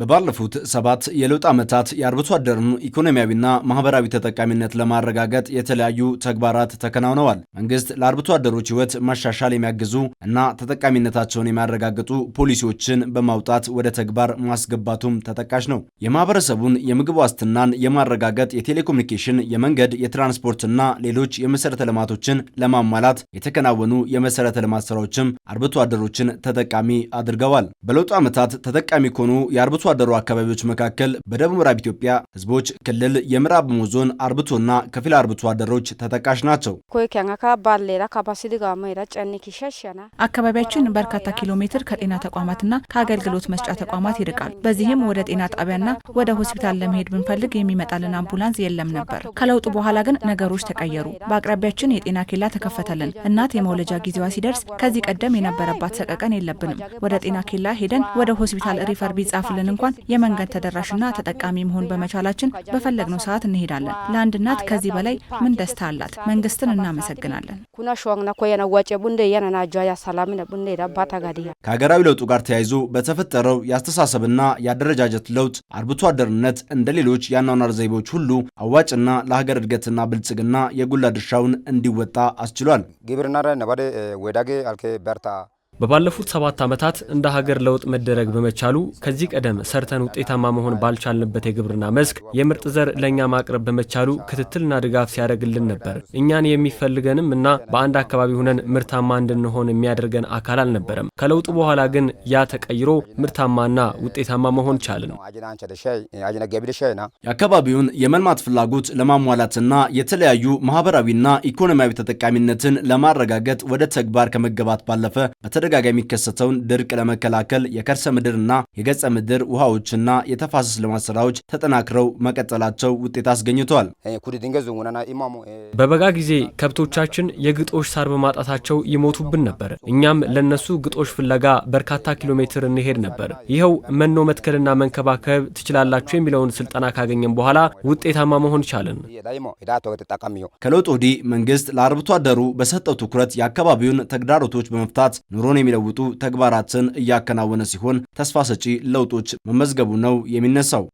በባለፉት ሰባት የለውጥ ዓመታት የአርብቶ አደርን ኢኮኖሚያዊና ማህበራዊ ተጠቃሚነት ለማረጋገጥ የተለያዩ ተግባራት ተከናውነዋል። መንግስት ለአርብቶ አደሮች ሕይወት መሻሻል የሚያግዙ እና ተጠቃሚነታቸውን የሚያረጋግጡ ፖሊሲዎችን በማውጣት ወደ ተግባር ማስገባቱም ተጠቃሽ ነው። የማህበረሰቡን የምግብ ዋስትናን የማረጋገጥ የቴሌኮሙኒኬሽን፣ የመንገድ፣ የትራንስፖርትና ሌሎች የመሠረተ ልማቶችን ለማሟላት የተከናወኑ የመሠረተ ልማት ስራዎችም አርብቶ አደሮችን ተጠቃሚ አድርገዋል። በለውጡ ዓመታት ተጠቃሚ ከሆኑ የአርብቶ አርብቶ አደሩ አካባቢዎች መካከል በደቡብ ምዕራብ ኢትዮጵያ ህዝቦች ክልል የምዕራብ ኦሞ ዞን አርብቶና ከፊል አርብቶ አደሮች ተጠቃሽ ናቸው። አካባቢያችን በርካታ ኪሎ ሜትር ከጤና ተቋማትና ከአገልግሎት መስጫ ተቋማት ይርቃል። በዚህም ወደ ጤና ጣቢያና ወደ ሆስፒታል ለመሄድ ብንፈልግ የሚመጣልን አምቡላንስ የለም ነበር። ከለውጡ በኋላ ግን ነገሮች ተቀየሩ። በአቅራቢያችን የጤና ኬላ ተከፈተልን። እናት የመውለጃ ጊዜዋ ሲደርስ ከዚህ ቀደም የነበረባት ሰቀቀን የለብንም። ወደ ጤና ኬላ ሄደን ወደ ሆስፒታል ሪፈር ቢጻፍልን እንኳን የመንገድ ተደራሽና ተጠቃሚ መሆን በመቻላችን በፈለግነው ሰዓት እንሄዳለን። ለአንድ እናት ከዚህ በላይ ምን ደስታ አላት? መንግስትን እናመሰግናለን። ከሀገራዊ ለውጡ ጋር ተያይዞ በተፈጠረው የአስተሳሰብና የአደረጃጀት ለውጥ አርብቶ አደርነት እንደ ሌሎች የአኗኗር ዘይቤዎች ሁሉ አዋጭና ለሀገር እድገትና ብልጽግና የጎላ ድርሻውን እንዲወጣ አስችሏል። በባለፉት ሰባት ዓመታት እንደ ሀገር ለውጥ መደረግ በመቻሉ ከዚህ ቀደም ሰርተን ውጤታማ መሆን ባልቻልንበት የግብርና መስክ የምርጥ ዘር ለእኛ ማቅረብ በመቻሉ ክትትልና ድጋፍ ሲያደርግልን ነበር። እኛን የሚፈልገንም እና በአንድ አካባቢ ሁነን ምርታማ እንድንሆን የሚያደርገን አካል አልነበረም። ከለውጡ በኋላ ግን ያ ተቀይሮ ምርታማና ውጤታማ መሆን ቻልን። የአካባቢውን የመልማት ፍላጎት ለማሟላትና የተለያዩ ማህበራዊና ኢኮኖሚያዊ ተጠቃሚነትን ለማረጋገጥ ወደ ተግባር ከመገባት ባለፈ በተደጋጋሚ የሚከሰተውን ድርቅ ለመከላከል የከርሰ ምድርና የገጸ ምድር ውሃዎችና የተፋሰስ ልማት ስራዎች ተጠናክረው መቀጠላቸው ውጤት አስገኝቷል። በበጋ ጊዜ ከብቶቻችን የግጦሽ ሳር በማጣታቸው ይሞቱብን ነበር። እኛም ለነሱ ግጦሽ ፍለጋ በርካታ ኪሎ ሜትር እንሄድ ነበር። ይኸው መኖ መትከልና መንከባከብ ትችላላችሁ የሚለውን ስልጠና ካገኘን በኋላ ውጤታማ መሆን ቻለን። ከለውጥ ወዲህ መንግስት ለአርብቶ አደሩ በሰጠው ትኩረት የአካባቢውን ተግዳሮቶች በመፍታት ኑሮ ስራውን የሚለውጡ ተግባራትን እያከናወነ ሲሆን ተስፋ ሰጪ ለውጦች መመዝገቡ ነው የሚነሳው።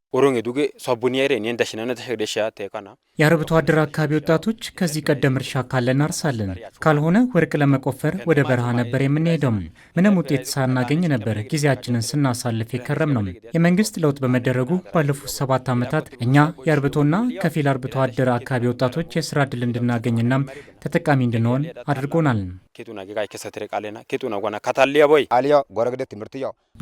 የአርብቶ አደር አካባቢ ወጣቶች ከዚህ ቀደም እርሻ ካለ እናርሳለን፣ ካልሆነ ወርቅ ለመቆፈር ወደ በረሃ ነበር የምንሄደው። ምንም ውጤት ሳናገኝ ነበር ጊዜያችንን ስናሳልፍ የከረም ነው። የመንግስት ለውጥ በመደረጉ ባለፉት ሰባት ዓመታት እኛ የአርብቶና ከፊል አርብቶ አደር አካባቢ ወጣቶች የስራ እድል እንድናገኝና ተጠቃሚ እንድንሆን አድርጎናል።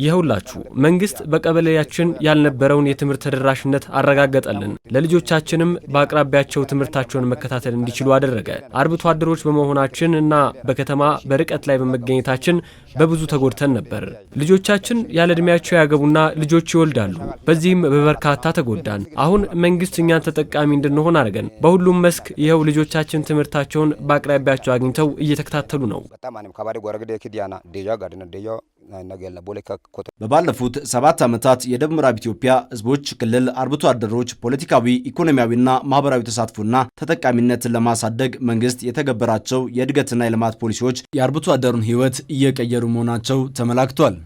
ይኸውላችሁ መንግስት በቀበሌያችን ያልነበረውን የትምህርት ተደራሽነት አረጋገጠልን። ለልጆቻችንም በአቅራቢያቸው ትምህርታቸውን መከታተል እንዲችሉ አደረገ። አርብቶ አደሮች በመሆናችን እና በከተማ በርቀት ላይ በመገኘታችን በብዙ ተጎድተን ነበር። ልጆቻችን ያለ ዕድሜያቸው ያገቡና ልጆች ይወልዳሉ። በዚህም በበርካታ ተጎዳን። አሁን መንግስት እኛን ተጠቃሚ እንድንሆን አድርገን በሁሉም መስክ ይኸው ልጆቻችን ትምህርታቸውን በአቅራቢያቸው አግኝተው እየተከታተሉ ነው። በባለፉት ሰባት ዓመታት የደቡብ ምዕራብ ኢትዮጵያ ህዝቦች ክልል አርብቶ አደሮች ፖለቲካዊ፣ ኢኮኖሚያዊና ማህበራዊ ተሳትፎና ተጠቃሚነትን ለማሳደግ መንግስት የተገበራቸው የእድገትና የልማት ፖሊሲዎች የአርብቶ አደሩን ሕይወት እየቀየሩ መሆናቸው ተመላክቷል።